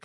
Hii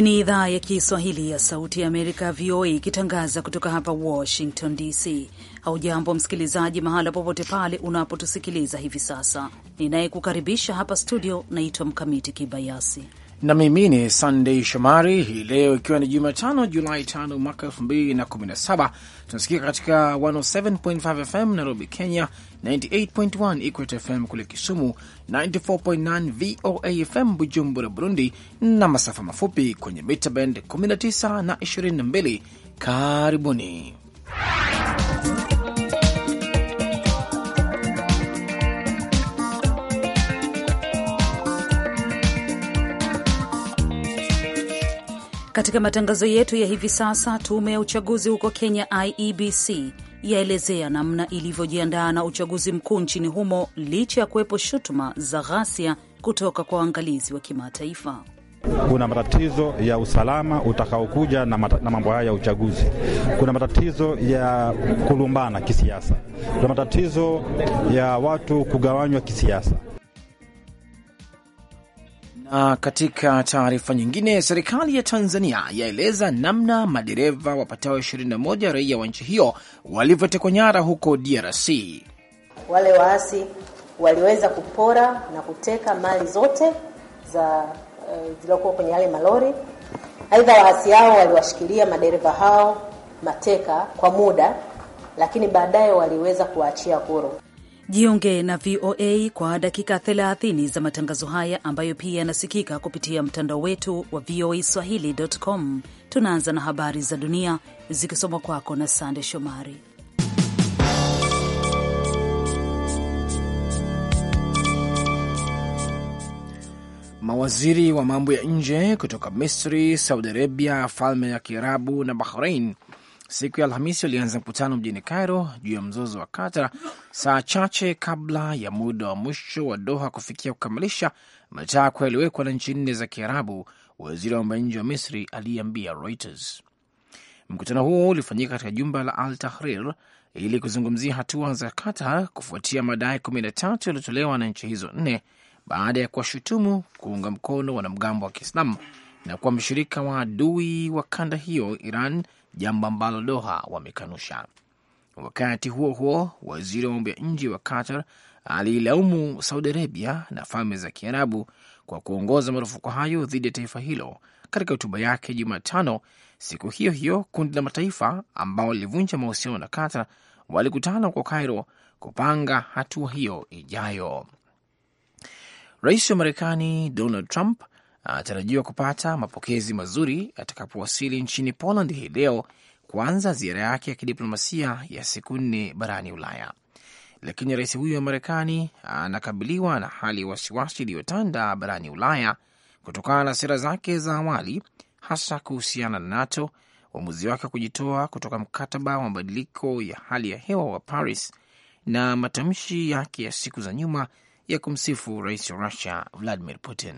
ni idhaa ya Kiswahili ya Sauti ya Amerika, VOA, ikitangaza kutoka hapa Washington DC. Haujambo msikilizaji, mahala popote pale unapotusikiliza hivi sasa. Ninayekukaribisha hapa studio naitwa Mkamiti Kibayasi na mimi ni sandei Shomari. Hii leo ikiwa ni Jumatano, Julai tano mwaka 2017, tunasikika katika 107.5 FM Nairobi, Kenya, 98.1 Equat FM kule Kisumu, 94.9 VOA FM Bujumbura, Burundi, na masafa mafupi kwenye mita bend 19 na 22. Karibuni Katika matangazo yetu ya hivi sasa, tume ya uchaguzi huko Kenya IEBC yaelezea namna ilivyojiandaa na uchaguzi mkuu nchini humo licha ya kuwepo shutuma za ghasia kutoka kwa waangalizi wa kimataifa. Kuna matatizo ya usalama utakaokuja na, na mambo haya ya uchaguzi. Kuna matatizo ya kulumbana kisiasa, kuna matatizo ya watu kugawanywa kisiasa na katika taarifa nyingine, serikali ya Tanzania yaeleza namna madereva wapatao 21 raia wa nchi hiyo walivyotekwa nyara huko DRC. Wale waasi waliweza kupora na kuteka mali zote za uh, zilizokuwa kwenye yale malori. Aidha, waasi hao waliwashikilia madereva hao mateka kwa muda, lakini baadaye waliweza kuwaachia huru. Jiunge na VOA kwa dakika 30 za matangazo haya ambayo pia yanasikika kupitia mtandao wetu wa VOA Swahili.com. Tunaanza na habari za dunia zikisoma kwako na Sande Shomari. Mawaziri wa mambo ya nje kutoka Misri, Saudi Arabia, falme ya Kiarabu na Bahrain siku ya Alhamisi walianza mkutano mjini Cairo juu ya mzozo wa Qatar, saa chache kabla ya muda wa mwisho wa Doha kufikia kukamilisha matakwa yaliyowekwa na nchi nne za Kiarabu. Waziri wa mambo ya nje wa Misri aliyeambia Reuters mkutano huo ulifanyika katika jumba la Al Tahrir ili kuzungumzia hatua za Qatar kufuatia madai kumi na tatu yaliyotolewa na nchi hizo nne baada ya kuwashutumu kuunga mkono wanamgambo wa Kiislamu na kuwa mshirika wa adui wa kanda hiyo Iran jambo ambalo Doha wamekanusha. Wakati huo huo, waziri wa mambo ya nje wa Qatar aliilaumu Saudi Arabia na Falme za Kiarabu kwa kuongoza marufuku hayo dhidi ya taifa hilo. Katika hotuba yake Jumatano siku hiyo hiyo, kundi la mataifa ambao lilivunja mahusiano na Qatar walikutana kwa Cairo kupanga hatua hiyo ijayo. Rais wa Marekani Donald Trump anatarajiwa kupata mapokezi mazuri atakapowasili nchini Poland hii leo kuanza ziara yake ya kidiplomasia ya siku nne barani Ulaya. Lakini rais huyo wa Marekani anakabiliwa na hali ya wasiwasi iliyotanda barani Ulaya kutokana na sera zake za awali, hasa kuhusiana na NATO, uamuzi wake wa kujitoa kutoka mkataba wa mabadiliko ya hali ya hewa wa Paris na matamshi yake ya siku za nyuma ya kumsifu rais wa Russia Vladimir Putin.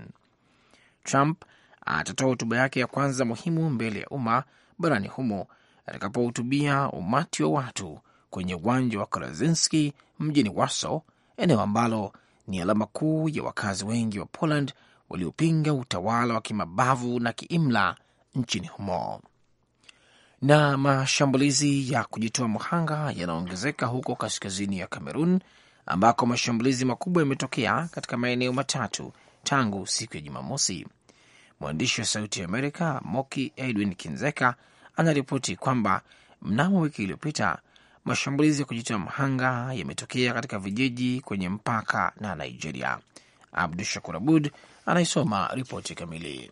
Trump atatoa hotuba yake ya kwanza muhimu mbele ya umma barani humo atakapohutubia umati wa watu kwenye uwanja wa Krasinski mjini Warsaw, eneo ambalo ni alama kuu ya wakazi wengi wa Poland waliopinga utawala wa kimabavu na kiimla nchini humo. Na mashambulizi ya kujitoa mhanga yanaongezeka huko kaskazini ya Kamerun ambako mashambulizi makubwa yametokea katika maeneo matatu tangu siku ya Jumamosi. Mwandishi wa Sauti ya Amerika Moki Edwin Kinzeka anaripoti kwamba mnamo wiki iliyopita mashambulizi ya kujitoa mhanga yametokea katika vijiji kwenye mpaka na Nigeria. Abdu Shakur Abud anaisoma ripoti kamili.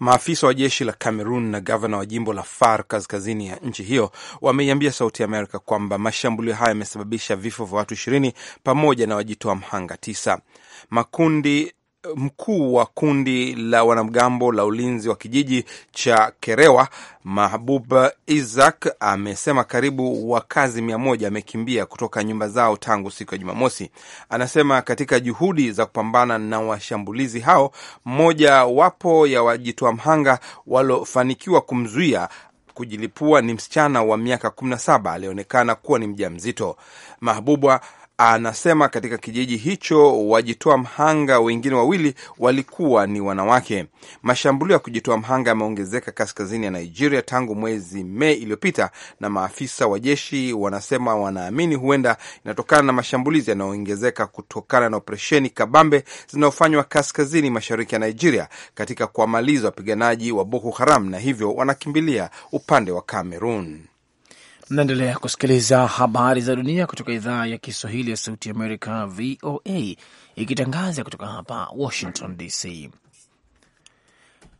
Maafisa wa jeshi la Cameroon na gavana wa jimbo la Far kaskazini ya nchi hiyo wameiambia Sauti ya Amerika kwamba mashambulio haya yamesababisha vifo vya watu ishirini pamoja na wajitoa mhanga tisa. Makundi mkuu wa kundi la wanamgambo la ulinzi wa kijiji cha Kerewa Mahbub Isaac amesema karibu wakazi mia moja amekimbia kutoka nyumba zao tangu siku ya Jumamosi. Anasema katika juhudi za kupambana na washambulizi hao, mmoja wapo ya wajitoa mhanga waliofanikiwa kumzuia kujilipua ni msichana wa miaka saba alionekana kuwa ni mjamzito. Mahbubwa anasema katika kijiji hicho wajitoa mhanga wengine wawili walikuwa ni wanawake. Mashambulio ya kujitoa mhanga yameongezeka kaskazini ya Nigeria tangu mwezi Mei iliyopita, na maafisa wa jeshi wanasema wanaamini huenda inatokana na mashambulizi yanayoongezeka kutokana na operesheni kabambe zinayofanywa kaskazini mashariki ya Nigeria katika kuwamaliza wapiganaji wa Boko Haram, na hivyo wanakimbilia upande wa cameron Naendelea kusikiliza habari za dunia kutoka idhaa ya Kiswahili ya Sauti Amerika, VOA, ikitangaza kutoka hapa Washington DC.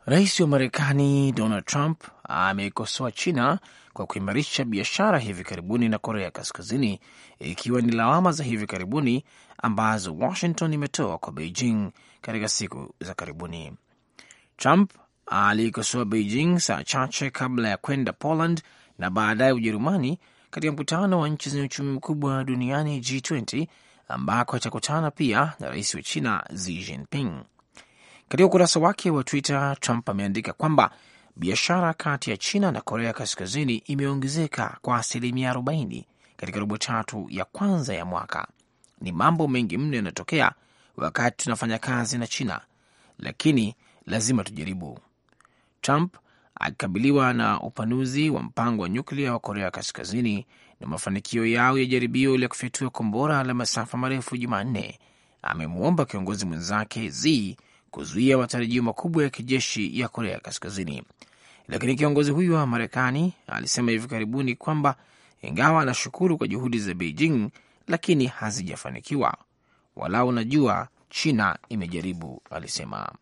Rais wa Marekani Donald Trump ameikosoa China kwa kuimarisha biashara hivi karibuni na Korea Kaskazini, ikiwa ni lawama za hivi karibuni ambazo Washington imetoa kwa Beijing katika siku za karibuni. Trump aliikosoa Beijing saa chache kabla ya kwenda Poland na baadaye Ujerumani katika mkutano wa nchi zenye uchumi mkubwa duniani G20, ambako atakutana pia na rais wa China Xi Jinping. Katika ukurasa wake wa Twitter, Trump ameandika kwamba biashara kati ya China na Korea Kaskazini imeongezeka kwa asilimia 40 katika robo tatu ya kwanza ya mwaka. Ni mambo mengi mno yanayotokea wakati tunafanya kazi na China, lakini lazima tujaribu. Trump akikabiliwa na upanuzi wa mpango wa nyuklia wa Korea Kaskazini na mafanikio yao ya jaribio la kufyatua kombora la masafa marefu Jumanne, amemwomba kiongozi mwenzake Z kuzuia matarajio makubwa ya kijeshi ya Korea Kaskazini. Lakini kiongozi huyo wa Marekani alisema hivi karibuni kwamba ingawa anashukuru kwa juhudi za Beijing, lakini hazijafanikiwa. Walau unajua China imejaribu, alisema.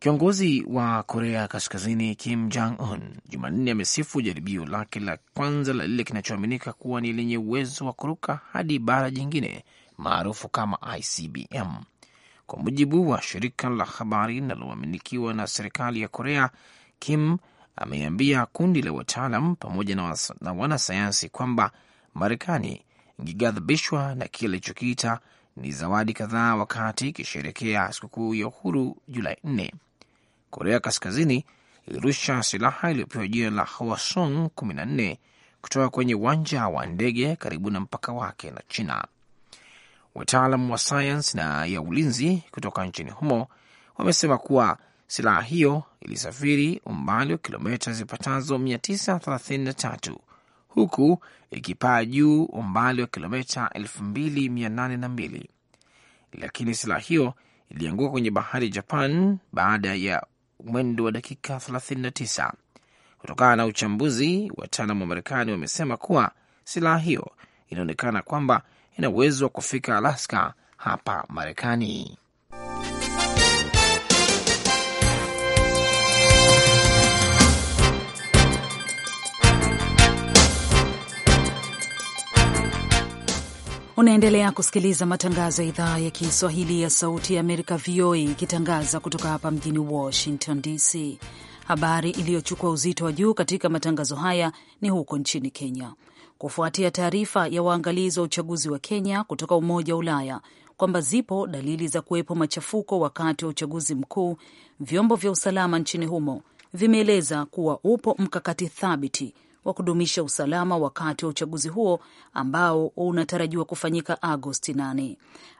Kiongozi wa Korea Kaskazini Kim Jong Un Jumanne amesifu jaribio lake la kwanza la lile kinachoaminika kuwa ni lenye uwezo wa kuruka hadi bara jingine maarufu kama ICBM. Kwa mujibu wa shirika la habari linaloaminikiwa na serikali ya Korea, Kim ameambia kundi la wataalam pamoja na, na wanasayansi kwamba Marekani ingeghadhabishwa na kile alichokiita ni zawadi kadhaa wakati ikisherekea sikukuu ya uhuru Julai Korea Kaskazini ilirusha silaha iliyopewa jina la Hwasong 14 kutoka kwenye uwanja wa ndege karibu na mpaka wake na China. Wataalam wa sayansi na ya ulinzi kutoka nchini humo wamesema kuwa silaha hiyo ilisafiri umbali wa kilomita zipatazo 933 huku ikipaa juu umbali wa kilomita 2802 lakini silaha hiyo ilianguka kwenye bahari Japan baada ya mwendo wa dakika 39. Kutokana na uchambuzi, wataalamu wa Marekani wamesema kuwa silaha hiyo inaonekana kwamba ina uwezo wa kufika Alaska hapa Marekani. Unaendelea kusikiliza matangazo ya idhaa ya Kiswahili ya Sauti ya Amerika, VOA, ikitangaza kutoka hapa mjini Washington DC. Habari iliyochukua uzito wa juu katika matangazo haya ni huko nchini Kenya, kufuatia taarifa ya waangalizi wa uchaguzi wa Kenya kutoka Umoja wa Ulaya kwamba zipo dalili za kuwepo machafuko wakati wa uchaguzi mkuu. Vyombo vya usalama nchini humo vimeeleza kuwa upo mkakati thabiti wa kudumisha usalama wakati wa uchaguzi huo ambao unatarajiwa kufanyika Agosti 8.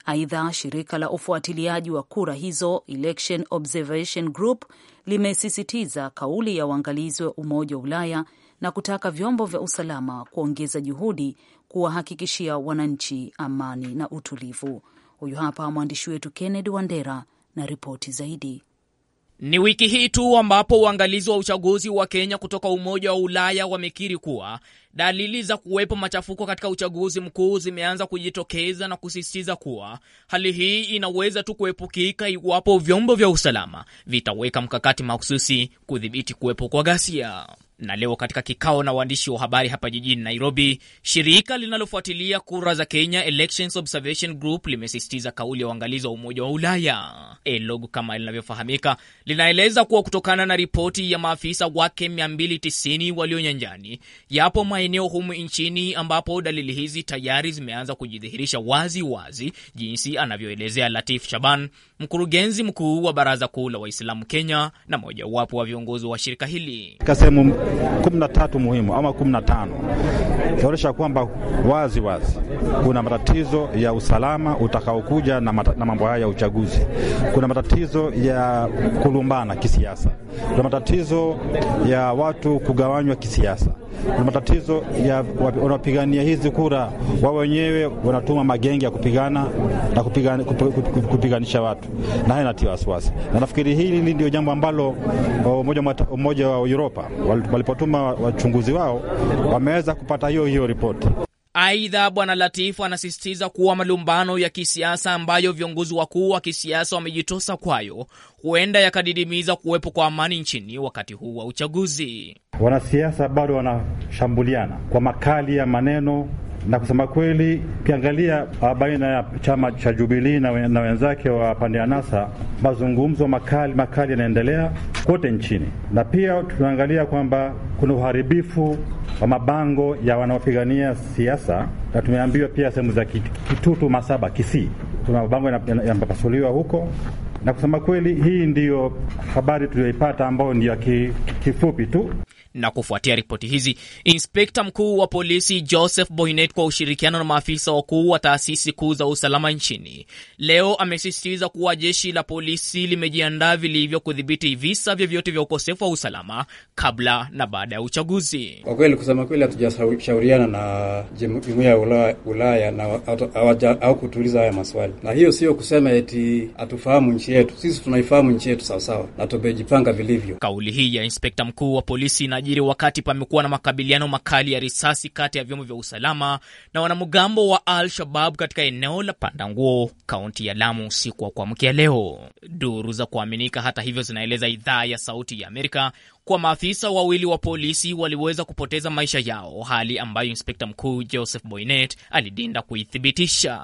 Aidha, shirika la ufuatiliaji wa kura hizo Election Observation Group limesisitiza kauli ya uangalizi wa Umoja wa Ulaya na kutaka vyombo vya usalama kuongeza juhudi kuwahakikishia wananchi amani na utulivu. Huyu hapa mwandishi wetu Kennedy Wandera na ripoti zaidi. Ni wiki hii tu ambapo uangalizi wa uchaguzi wa Kenya kutoka Umoja wa Ulaya wamekiri kuwa Dalili za kuwepo machafuko katika uchaguzi mkuu zimeanza kujitokeza na kusisitiza kuwa hali hii inaweza tu kuepukika iwapo vyombo vya usalama vitaweka mkakati mahususi kudhibiti kuwepo kwa ghasia. Na leo katika kikao na waandishi wa habari hapa jijini Nairobi, shirika linalofuatilia kura za Kenya Elections Observation Group limesisitiza kauli ya uangalizi wa Umoja wa Ulaya. ELOG kama linavyofahamika, linaeleza kuwa kutokana na ripoti ya maafisa wake 290 walionyanjani, yapo maeneo humu nchini ambapo dalili hizi tayari zimeanza kujidhihirisha wazi wazi, jinsi anavyoelezea Latif Shaban, mkurugenzi mkuu wa Baraza Kuu la Waislamu Kenya na mojawapo wa viongozi wa shirika hili. Katika sehemu tatu muhimu ama tano ikaonyesha kwamba wazi wazi kuna matatizo ya usalama utakaokuja na, na mambo haya ya uchaguzi. Kuna matatizo ya kulumbana kisiasa, kuna matatizo ya watu kugawanywa kisiasa, kuna matatizo mateso ya wanaopigania hizi kura, wao wenyewe wanatuma magenge ya kupigana na kupigana, kupiganisha watu, na haya natia wasiwasi, na nafikiri hili ndio jambo ambalo umoja wa Uropa walipotuma wachunguzi wao wameweza kupata hiyo hiyo ripoti. Aidha, Bwana Latifu anasisitiza kuwa malumbano ya kisiasa ambayo viongozi wakuu wa kisiasa wamejitosa kwayo huenda yakadidimiza kuwepo kwa amani nchini wakati huu wa uchaguzi. Wanasiasa bado wanashambuliana kwa makali ya maneno na kusema kweli, ukiangalia ah, baina ya chama cha Jubilii na, wenzake wa pande ya NASA, mazungumzo makali makali yanaendelea kote nchini, na pia tunaangalia kwamba kuna uharibifu wa mabango ya wanaopigania siasa, na tumeambiwa pia sehemu za Kitutu, Masaba, Kisii kuna mabango yanapasuliwa huko na kusema kweli, hii ndiyo habari tuliyoipata ambayo ndiyo kifupi tu. Na kufuatia ripoti hizi, inspekta mkuu wa polisi Joseph Boynet kwa ushirikiano na maafisa wakuu wa taasisi kuu za usalama nchini leo amesisitiza kuwa jeshi la polisi limejiandaa vilivyo kudhibiti visa vyovyote vya ukosefu wa usalama kabla na baada ya uchaguzi. Kwa kweli, kusema kweli, hatujashauriana na jumuiya ya Ulaya na au kutuliza haya maswali, na hiyo sio kusema eti hatufahamu nchi yetu. Sisi tunaifahamu nchi yetu sawasawa na tumejipanga vilivyo. Kauli hii ya inspekta mkuu wa polisi na yanajiri wakati pamekuwa na makabiliano makali ya risasi kati ya vyombo vya usalama na wanamgambo wa Al Shabab katika eneo la Pandanguo, kaunti ya Lamu usiku wa kuamkia leo. Duru za kuaminika hata hivyo zinaeleza idhaa ya Sauti ya Amerika kwa maafisa wawili wa polisi waliweza kupoteza maisha yao, hali ambayo inspekta mkuu Joseph Boynet alidinda kuithibitisha.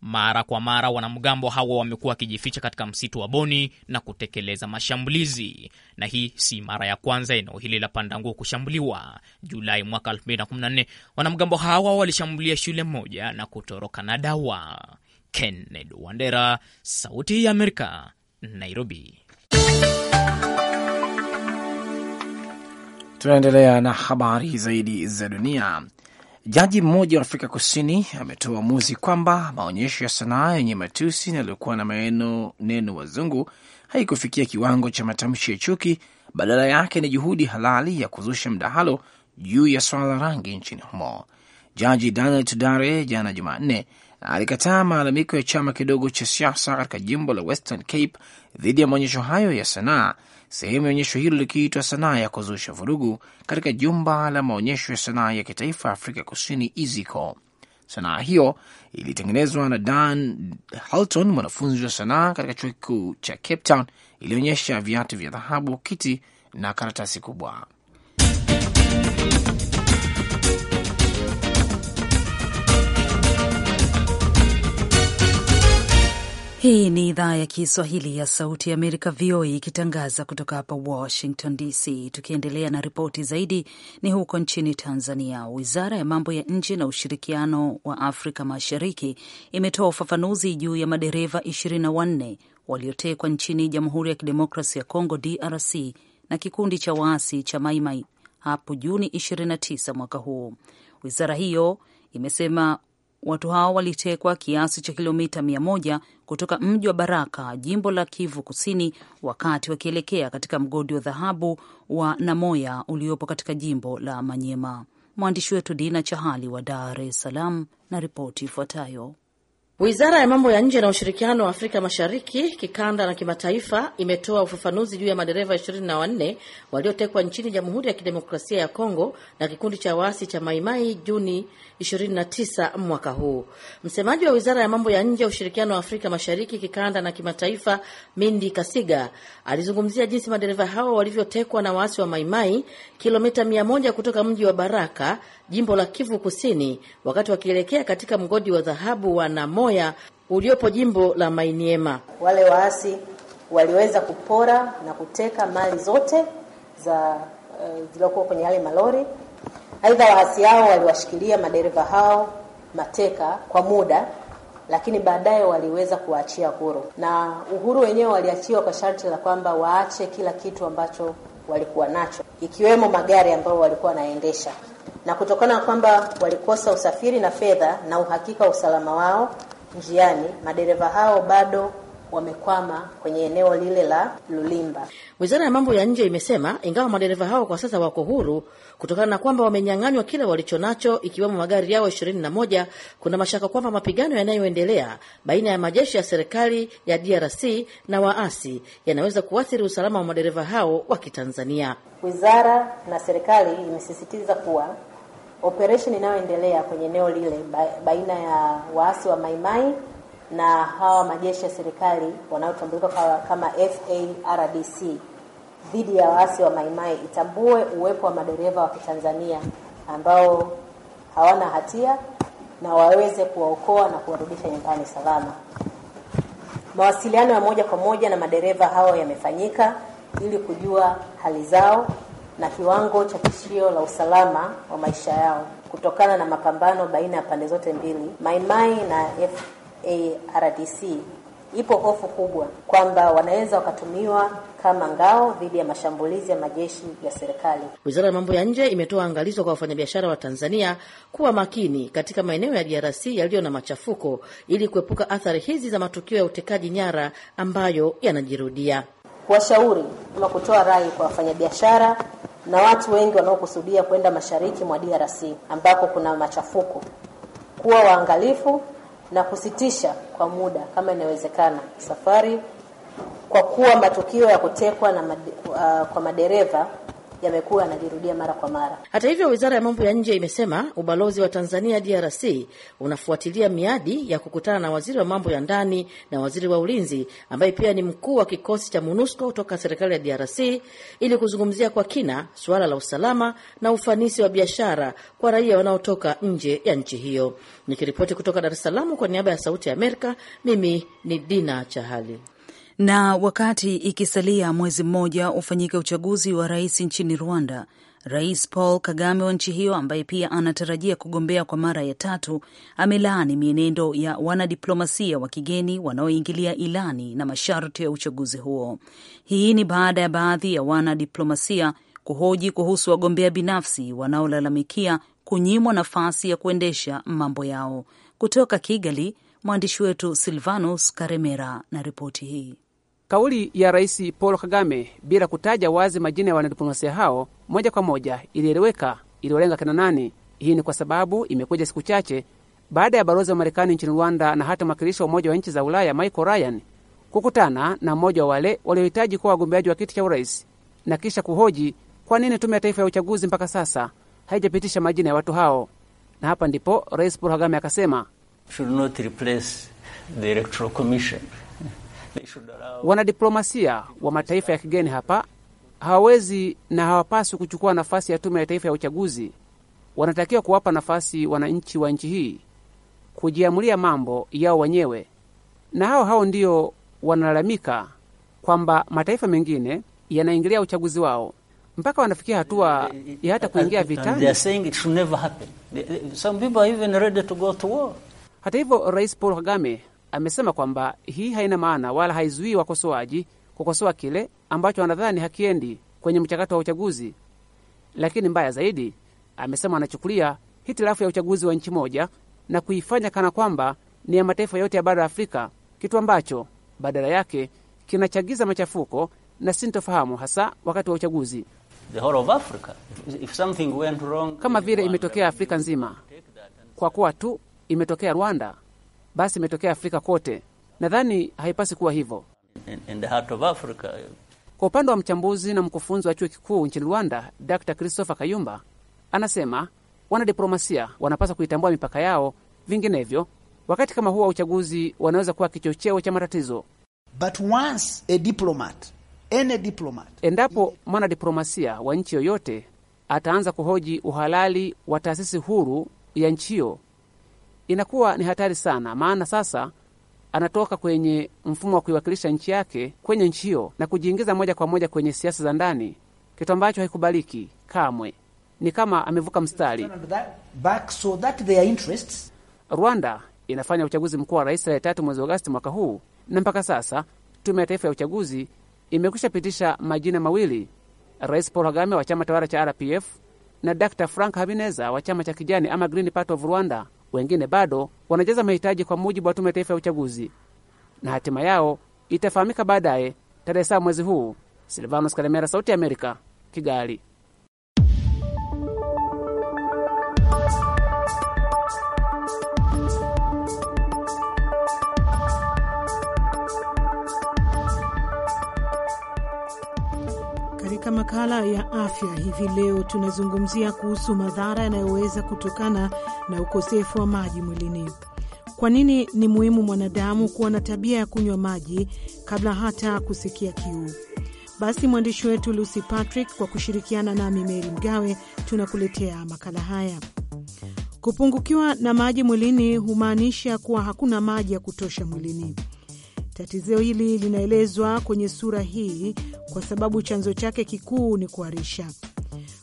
Mara kwa mara wanamgambo hawa wamekuwa wakijificha katika msitu wa Boni na kutekeleza mashambulizi, na hii si mara ya kwanza eneo hili la Pandanguo kushambuliwa. Julai mwaka 2014 wanamgambo hawa walishambulia shule moja na kutoroka na dawa. Kenneth Wandera, Sauti ya Amerika, Nairobi. Tunaendelea na habari zaidi za dunia. Jaji mmoja wa Afrika Kusini ametoa uamuzi kwamba maonyesho ya sanaa yenye matusi na yaliyokuwa na maneno neno wazungu haikufikia kiwango cha matamshi ya chuki, badala yake ni juhudi halali ya kuzusha mdahalo juu ya swala la rangi nchini humo. Jaji Daniel Tudare jana Jumanne alikataa malalamiko ya chama kidogo cha siasa katika jimbo la Western Cape dhidi ya maonyesho hayo ya sanaa sehemu ya onyesho hilo likiitwa sanaa ya kuzusha vurugu katika jumba la maonyesho ya sanaa ya kitaifa Afrika Kusini, IZICO. Sanaa hiyo ilitengenezwa na Dan Halton, mwanafunzi wa sanaa katika chuo kikuu cha Cape Town. Ilionyesha viatu vya dhahabu, kiti na karatasi kubwa. Hii ni idhaa ya Kiswahili ya Sauti ya Amerika, VOA, ikitangaza kutoka hapa Washington DC. Tukiendelea na ripoti zaidi, ni huko nchini Tanzania. Wizara ya Mambo ya Nje na Ushirikiano wa Afrika Mashariki imetoa ufafanuzi juu ya madereva 24 waliotekwa nchini Jamhuri ya Kidemokrasi ya Kongo, DRC, na kikundi cha waasi cha Maimai hapo Juni 29 mwaka huu. Wizara hiyo imesema Watu hao walitekwa kiasi cha kilomita mia moja kutoka mji wa Baraka, jimbo la Kivu Kusini, wakati wakielekea katika mgodi wa dhahabu wa Namoya uliopo katika jimbo la Manyema. Mwandishi wetu Dina Chahali wa Dar es Salaam na ripoti ifuatayo. Wizara ya mambo ya nje na ushirikiano wa Afrika Mashariki, kikanda na kimataifa imetoa ufafanuzi juu ya madereva 24 waliotekwa nchini Jamhuri ya Kidemokrasia ya Kongo na kikundi cha waasi cha Maimai Juni 29 mwaka huu. Msemaji wa Wizara ya mambo ya nje, ushirikiano wa Afrika Mashariki, kikanda na kimataifa, Mindi Kasiga alizungumzia jinsi madereva hao walivyotekwa na waasi wa Maimai kilomita 100 kutoka mji wa Baraka, jimbo la Kivu Kusini, wakati wakielekea katika mgodi wa dhahabu wa Namo Moya uliopo jimbo la Mainiema. Wale waasi waliweza kupora na kuteka mali zote za eh, zilizokuwa kwenye yale malori. Aidha, waasi hao waliwashikilia madereva hao mateka kwa muda, lakini baadaye waliweza kuwaachia huru, na uhuru wenyewe waliachiwa kwa sharti la kwamba waache kila kitu ambacho walikuwa nacho, ikiwemo magari ambayo walikuwa wanaendesha, na kutokana na kwamba walikosa usafiri na fedha na uhakika wa usalama wao njiani, madereva hao bado wamekwama kwenye eneo lile la Lulimba. Wizara ya mambo ya nje imesema ingawa madereva hao kwa sasa wako huru kutokana na kwamba wamenyang'anywa kile nacho ikiwemo magari yao ishirini na moja, kuna mashaka kwamba mapigano yanayoendelea baina ya majeshi ya serikali ya DRC na waasi yanaweza kuathiri usalama wa madereva hao wa Kitanzania. Wizara na serikali imesisitiza kuwa operation inayoendelea kwenye eneo lile baina ya waasi wa Maimai na hawa majeshi ya serikali wanaotambulika kama FARDC dhidi ya waasi wa Maimai itambue uwepo wa madereva wa Kitanzania ambao hawana hatia na waweze kuwaokoa na kuwarudisha nyumbani salama. Mawasiliano ya moja kwa moja na madereva hao yamefanyika ili kujua hali zao na kiwango cha tishio la usalama wa maisha yao kutokana na mapambano baina ya pande zote mbili. Maimai na FARDC ipo hofu kubwa kwamba wanaweza wakatumiwa kama ngao dhidi ya mashambulizi ya majeshi ya serikali. Wizara ya mambo ya nje imetoa angalizo kwa wafanyabiashara wa Tanzania kuwa makini katika maeneo ya DRC yaliyo na machafuko ili kuepuka athari hizi za matukio ya utekaji nyara ambayo yanajirudia. Kuwashauri ama kutoa rai kwa wafanyabiashara na watu wengi wanaokusudia kwenda mashariki mwa DRC ambako kuna machafuko kuwa waangalifu na kusitisha kwa muda kama inawezekana safari kwa kuwa matukio ya kutekwa na made, uh, kwa madereva yamekuwa yanajirudia mara kwa mara. Hata hivyo, wizara ya mambo ya nje imesema ubalozi wa Tanzania DRC unafuatilia miadi ya kukutana na waziri wa mambo ya ndani na waziri wa ulinzi ambaye pia ni mkuu wa kikosi cha MONUSCO toka serikali ya DRC ili kuzungumzia kwa kina suala la usalama na ufanisi wa biashara kwa raia wanaotoka nje ya nchi hiyo. Nikiripoti kutoka Dar es Salaam kwa niaba ya Sauti ya Amerika, mimi ni Dina Chahali. Na wakati ikisalia mwezi mmoja ufanyike uchaguzi wa rais nchini Rwanda, Rais Paul Kagame wa nchi hiyo ambaye pia anatarajia kugombea kwa mara ya tatu amelaani mienendo ya wanadiplomasia wa kigeni wanaoingilia ilani na masharti ya uchaguzi huo. Hii ni baada ya baadhi ya wanadiplomasia kuhoji kuhusu wagombea binafsi wanaolalamikia kunyimwa nafasi ya kuendesha mambo yao. Kutoka Kigali, mwandishi wetu Silvanus Karemera na ripoti hii. Kauli ya Rais Paul Kagame bila kutaja wazi majina ya wanadiplomasia hao moja kwa moja ilieleweka iliyolenga kina nani. Hii ni kwa sababu imekuja siku chache baada ya balozi wa Marekani nchini Rwanda na hata mwakilishi wa Umoja wa Nchi za Ulaya Michael Ryan kukutana na mmoja wa wale waliohitaji kuwa wagombeaji wa kiti cha urais na kisha kuhoji kwa nini Tume ya Taifa ya Uchaguzi mpaka sasa haijapitisha majina ya watu hao. Na hapa ndipo Rais Paul Kagame akasema, Should not replace the Electoral Commission Wanadiplomasia wa mataifa ya kigeni hapa hawawezi na hawapaswi kuchukua nafasi ya Tume ya Taifa ya Uchaguzi. Wanatakiwa kuwapa nafasi wananchi wa nchi hii kujiamulia mambo yao wenyewe, na hao hao ndiyo wanalalamika kwamba mataifa mengine yanaingilia uchaguzi wao mpaka wanafikia hatua ya hata kuingia vitani. Hata hivyo, Rais Paul Kagame amesema kwamba hii haina maana wala haizuii wakosoaji kukosoa kile ambacho wanadhani hakiendi kwenye mchakato wa uchaguzi. Lakini mbaya zaidi, amesema anachukulia hitilafu ya uchaguzi wa nchi moja na kuifanya kana kwamba ni ya mataifa yote ya bara la Afrika, kitu ambacho badala yake kinachagiza machafuko na sintofahamu, hasa wakati wa uchaguzi. The whole of Africa. If something went wrong, kama vile imetokea Afrika nzima, kwa kuwa tu imetokea Rwanda basi imetokea Afrika kote. Nadhani haipasi kuwa hivyo. Kwa upande wa mchambuzi na mkufunzi wa chuo kikuu nchini Rwanda, Dr Christopher Kayumba anasema wanadiplomasia wanapaswa kuitambua mipaka yao, vinginevyo wakati kama huo wa uchaguzi wanaweza kuwa kichocheo cha matatizo. But once a diplomat, any diplomat, endapo mwanadiplomasia wa nchi yoyote ataanza kuhoji uhalali wa taasisi huru ya nchi hiyo inakuwa ni hatari sana, maana sasa anatoka kwenye mfumo wa kuiwakilisha nchi yake kwenye nchi hiyo na kujiingiza moja kwa moja kwenye siasa za ndani, kitu ambacho haikubaliki kamwe. Ni kama amevuka mstari. So Rwanda inafanya uchaguzi mkuu wa rais tarehe tatu mwezi Agosti mwaka huu, na mpaka sasa tume ya taifa ya uchaguzi imekwisha pitisha majina mawili: Rais Paul Kagame wa chama tawala cha RPF na Dr Frank Habineza wa chama cha kijani ama Green Party of Rwanda wengine bado wanajaza mahitaji kwa mujibu wa Tume ya Taifa ya Uchaguzi, na hatima yao itafahamika baadaye tarehe saa mwezi huu. Silvanos Kalemera, Sauti ya Amerika, Kigali. katika makala ya afya hivi leo tunazungumzia kuhusu madhara yanayoweza kutokana na ukosefu wa maji mwilini. Kwa nini ni muhimu mwanadamu kuwa na tabia ya kunywa maji kabla hata kusikia kiu? Basi mwandishi wetu Lucy Patrick kwa kushirikiana nami Meri Mgawe tunakuletea makala haya. Kupungukiwa na maji mwilini humaanisha kuwa hakuna maji ya kutosha mwilini. Tatizo hili linaelezwa kwenye sura hii kwa sababu chanzo chake kikuu ni kuharisha.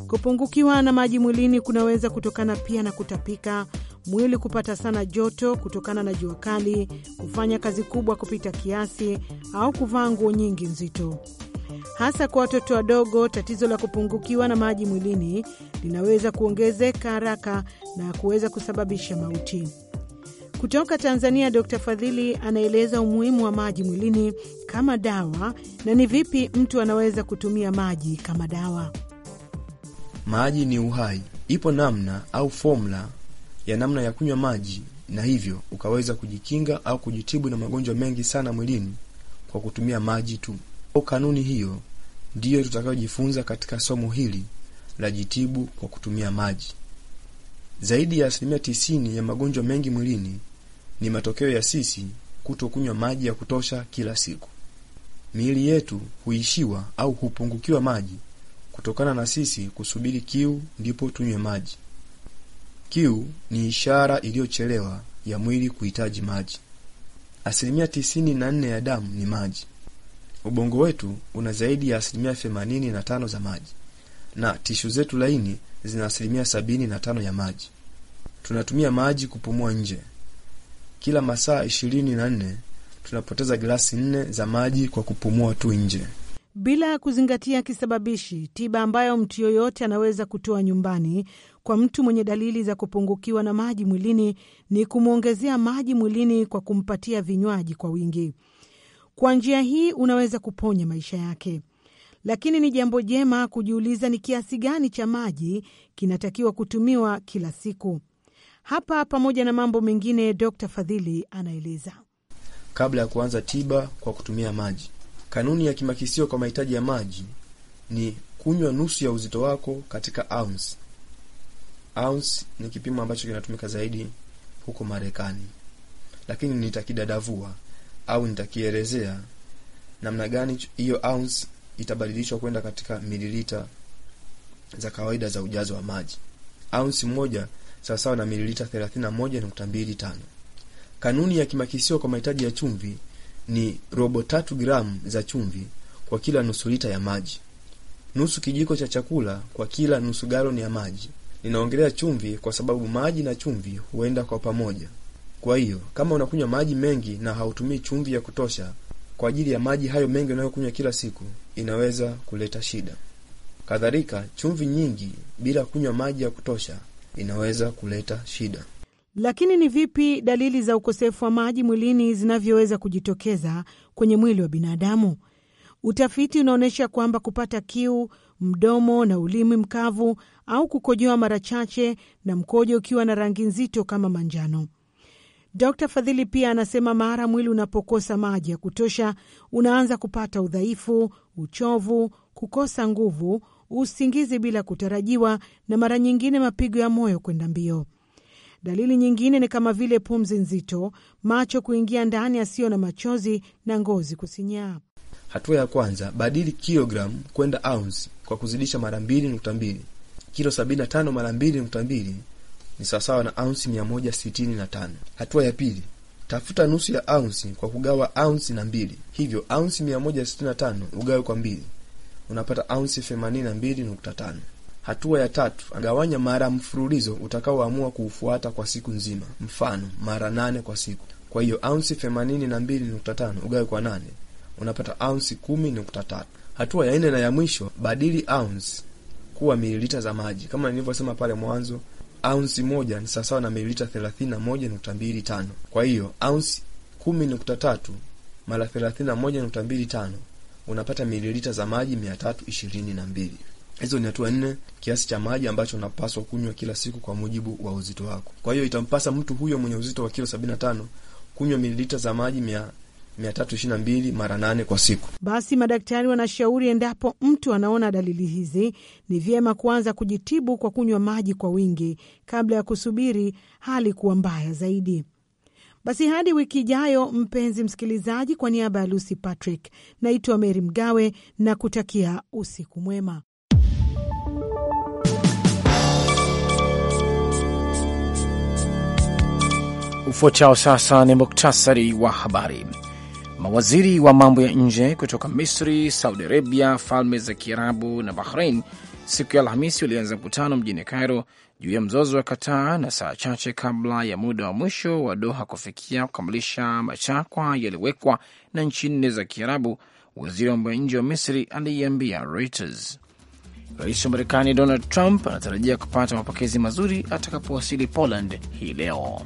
Kupungukiwa na maji mwilini kunaweza kutokana pia na kutapika, mwili kupata sana joto kutokana na jua kali, kufanya kazi kubwa kupita kiasi, au kuvaa nguo nyingi nzito. Hasa kwa watoto wadogo, tatizo la kupungukiwa na maji mwilini linaweza kuongezeka haraka na kuweza kusababisha mauti. Kutoka Tanzania, Dr Fadhili anaeleza umuhimu wa maji mwilini kama dawa na ni vipi mtu anaweza kutumia maji kama dawa. Maji ni uhai. Ipo namna au fomula ya namna ya kunywa maji, na hivyo ukaweza kujikinga au kujitibu na magonjwa mengi sana mwilini kwa kutumia maji tu. Kwa kanuni hiyo ndiyo tutakayojifunza katika somo hili la jitibu kwa kutumia maji. Zaidi ya asilimia tisini ya magonjwa mengi mwilini ni matokeo ya sisi kutokunywa maji ya kutosha kila siku. Miili yetu huishiwa au hupungukiwa maji kutokana na sisi kusubiri kiu ndipo tunywe maji. Kiu ni ishara iliyochelewa ya mwili kuhitaji maji. Asilimia tisini na nne ya damu ni maji. Ubongo wetu una zaidi ya asilimia themanini na tano za maji na tishu zetu laini zina asilimia sabini na tano ya maji. Tunatumia maji kupumua nje, kila masaa ishirini na nne tunapoteza glasi nne za maji kwa kupumua tu nje, bila kuzingatia kisababishi, tiba ambayo mtu yoyote anaweza kutoa nyumbani kwa mtu mwenye dalili za kupungukiwa na maji mwilini ni kumwongezea maji mwilini kwa kumpatia vinywaji kwa wingi. Kwa njia hii unaweza kuponya maisha yake, lakini ni jambo jema kujiuliza ni kiasi gani cha maji kinatakiwa kutumiwa kila siku. Hapa pamoja na mambo mengine, Dr. Fadhili anaeleza kabla ya kuanza tiba kwa kutumia maji. Kanuni ya kimakisio kwa mahitaji ya maji ni kunywa nusu ya uzito wako katika ounce. Ounce ni kipimo ambacho kinatumika zaidi huko Marekani, lakini nitakidadavua au nitakielezea namna gani hiyo ounce itabadilishwa kwenda katika mililita za kawaida za ujazo wa maji. Ounce moja sawasawa na mililita 31.25. Kanuni ya kimakisio kwa mahitaji ya chumvi ni robo tatu gramu za chumvi kwa kila nusu lita ya maji, nusu kijiko cha chakula kwa kila nusu galoni ya maji. Ninaongelea chumvi kwa sababu maji na chumvi huenda kwa pamoja. Kwa hiyo kama unakunywa maji mengi na hautumii chumvi ya kutosha kwa ajili ya maji hayo mengi unayokunywa kila siku, inaweza kuleta shida. Kadhalika, chumvi nyingi bila kunywa maji ya kutosha inaweza kuleta shida. Lakini ni vipi dalili za ukosefu wa maji mwilini zinavyoweza kujitokeza kwenye mwili wa binadamu? Utafiti unaonyesha kwamba kupata kiu, mdomo na ulimi mkavu au kukojoa mara chache na mkojo ukiwa na rangi nzito kama manjano. Dr. Fadhili pia anasema mara mwili unapokosa maji ya kutosha, unaanza kupata udhaifu, uchovu, kukosa nguvu, usingizi bila kutarajiwa, na mara nyingine mapigo ya moyo kwenda mbio. Dalili nyingine ni kama vile pumzi nzito, macho kuingia ndani yasiyo na machozi na ngozi kusinyaa. Hatua ya kwanza, badili kilogramu kwenda aunsi kwa kuzidisha mara mbili nukta mbili. Kilo 75 mara mbili nukta mbili ni sawasawa na aunsi 165. Hatua ya pili, tafuta nusu ya aunsi kwa kugawa aunsi na mbili, hivyo aunsi 165 ugawe kwa mbili unapata aunsi 82.5. Hatua ya tatu, agawanya mara mfululizo utakaoamua kuufuata kwa siku nzima, mfano mara nane kwa siku. Kwa hiyo aunsi 82.5 ugawe kwa nane unapata aunsi 10.3. Hatua ya nne na ya mwisho, badili aunsi kuwa mililita za maji. Kama nilivyosema pale mwanzo, aunsi moja ni sawasawa na mililita 31.25. Kwa hiyo aunsi 10.3 mara 31.25 unapata mililita za maji mia tatu ishirini na mbili. Hizo ni hatua nne, kiasi cha maji ambacho unapaswa kunywa kila siku kwa mujibu wa uzito wako. Kwa hiyo itampasa mtu huyo mwenye uzito wa kilo 75 kunywa mililita za maji mia 322 mara nane kwa siku. Basi madaktari wanashauri endapo mtu anaona dalili hizi, ni vyema kuanza kujitibu kwa kunywa maji kwa wingi kabla ya kusubiri hali kuwa mbaya zaidi. Basi hadi wiki ijayo, mpenzi msikilizaji, kwa niaba ya Lucy Patrick naitwa mery Mgawe na kutakia usiku mwema. Ufuatao sasa ni muktasari wa habari. Mawaziri wa mambo ya nje kutoka Misri, Saudi Arabia, Falme za Kiarabu na Bahrain siku ya Alhamisi walianza mkutano mjini Cairo juu ya mzozo wa Kataa, na saa chache kabla ya muda wa mwisho wa Doha kufikia kukamilisha matakwa yaliyowekwa na nchi nne za Kiarabu, waziri wa mambo ya nje wa Misri aliiambia Reuters. Rais wa Marekani Donald Trump anatarajia kupata mapokezi mazuri atakapowasili Poland hii leo.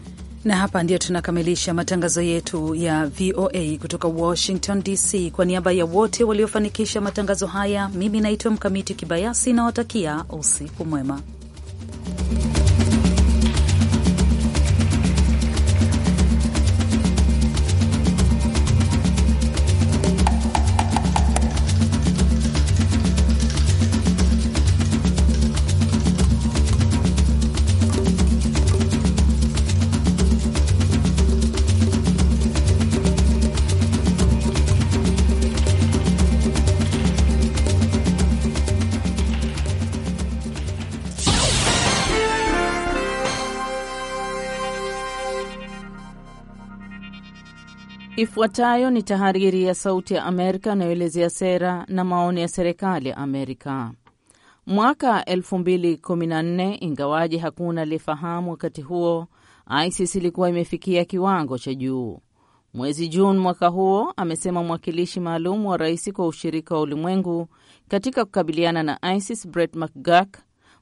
Na hapa ndio tunakamilisha matangazo yetu ya VOA kutoka Washington DC. Kwa niaba ya wote waliofanikisha matangazo haya, mimi naitwa Mkamiti Kibayasi, nawatakia usiku mwema. Ifuatayo ni tahariri ya Sauti ya Amerika inayoelezea sera na maoni ya serikali ya Amerika. Mwaka 2014 ingawaji hakuna aliyefahamu wakati huo, ISIS ilikuwa imefikia kiwango cha juu. Mwezi Juni mwaka huo, amesema mwakilishi maalum wa rais kwa ushirika wa ulimwengu katika kukabiliana na ISIS Brett McGurk,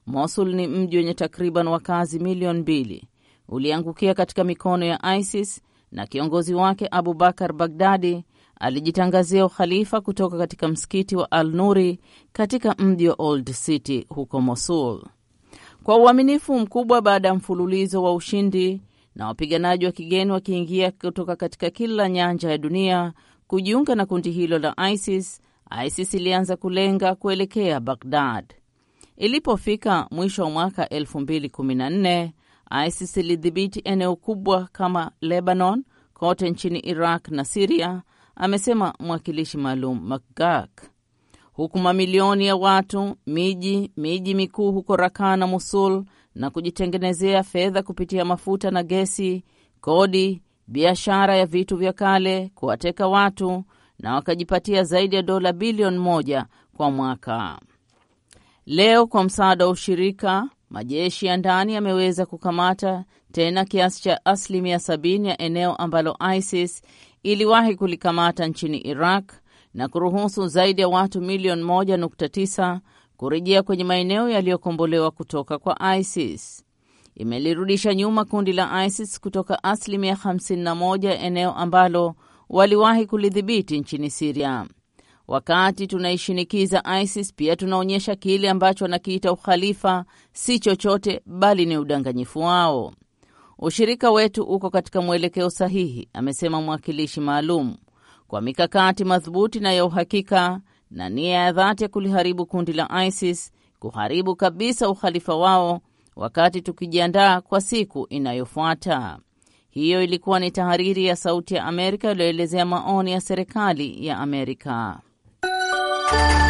Mosul ni mji wenye takriban wakazi milioni mbili, uliangukia katika mikono ya ISIS na kiongozi wake Abubakar Bagdadi alijitangazia ukhalifa kutoka katika msikiti wa Al Nuri katika mji wa Old City huko Mosul kwa uaminifu mkubwa baada ya mfululizo wa ushindi na wapiganaji wa kigeni wakiingia kutoka katika kila nyanja ya dunia kujiunga na kundi hilo la ISIS. ISIS ilianza kulenga kuelekea Bagdad. Ilipofika mwisho wa mwaka 2014 ISIS ilidhibiti eneo kubwa kama Lebanon, kote nchini Iraq na Siria, amesema mwakilishi maalum McGurk, huku mamilioni ya watu miji miji mikuu huko Raka na Mosul na kujitengenezea fedha kupitia mafuta na gesi, kodi, biashara ya vitu vya kale, kuwateka watu na wakajipatia zaidi ya dola bilioni moja kwa mwaka. Leo kwa msaada wa ushirika Majeshi ya ndani yameweza kukamata tena kiasi cha asilimia sabini ya eneo ambalo ISIS iliwahi kulikamata nchini Iraq na kuruhusu zaidi ya watu milioni 1.9 kurejea kwenye maeneo yaliyokombolewa kutoka kwa ISIS. Imelirudisha nyuma kundi la ISIS kutoka asilimia 51 eneo ambalo waliwahi kulidhibiti nchini Siria. Wakati tunaishinikiza ISIS, pia tunaonyesha kile ambacho wanakiita ukhalifa si chochote bali ni udanganyifu wao. Ushirika wetu uko katika mwelekeo sahihi, amesema mwakilishi maalum, kwa mikakati madhubuti na ya uhakika na nia ya dhati ya kuliharibu kundi la ISIS, kuharibu kabisa ukhalifa wao, wakati tukijiandaa kwa siku inayofuata. Hiyo ilikuwa ni tahariri ya Sauti ya Amerika iliyoelezea maoni ya serikali ya Amerika. Bye.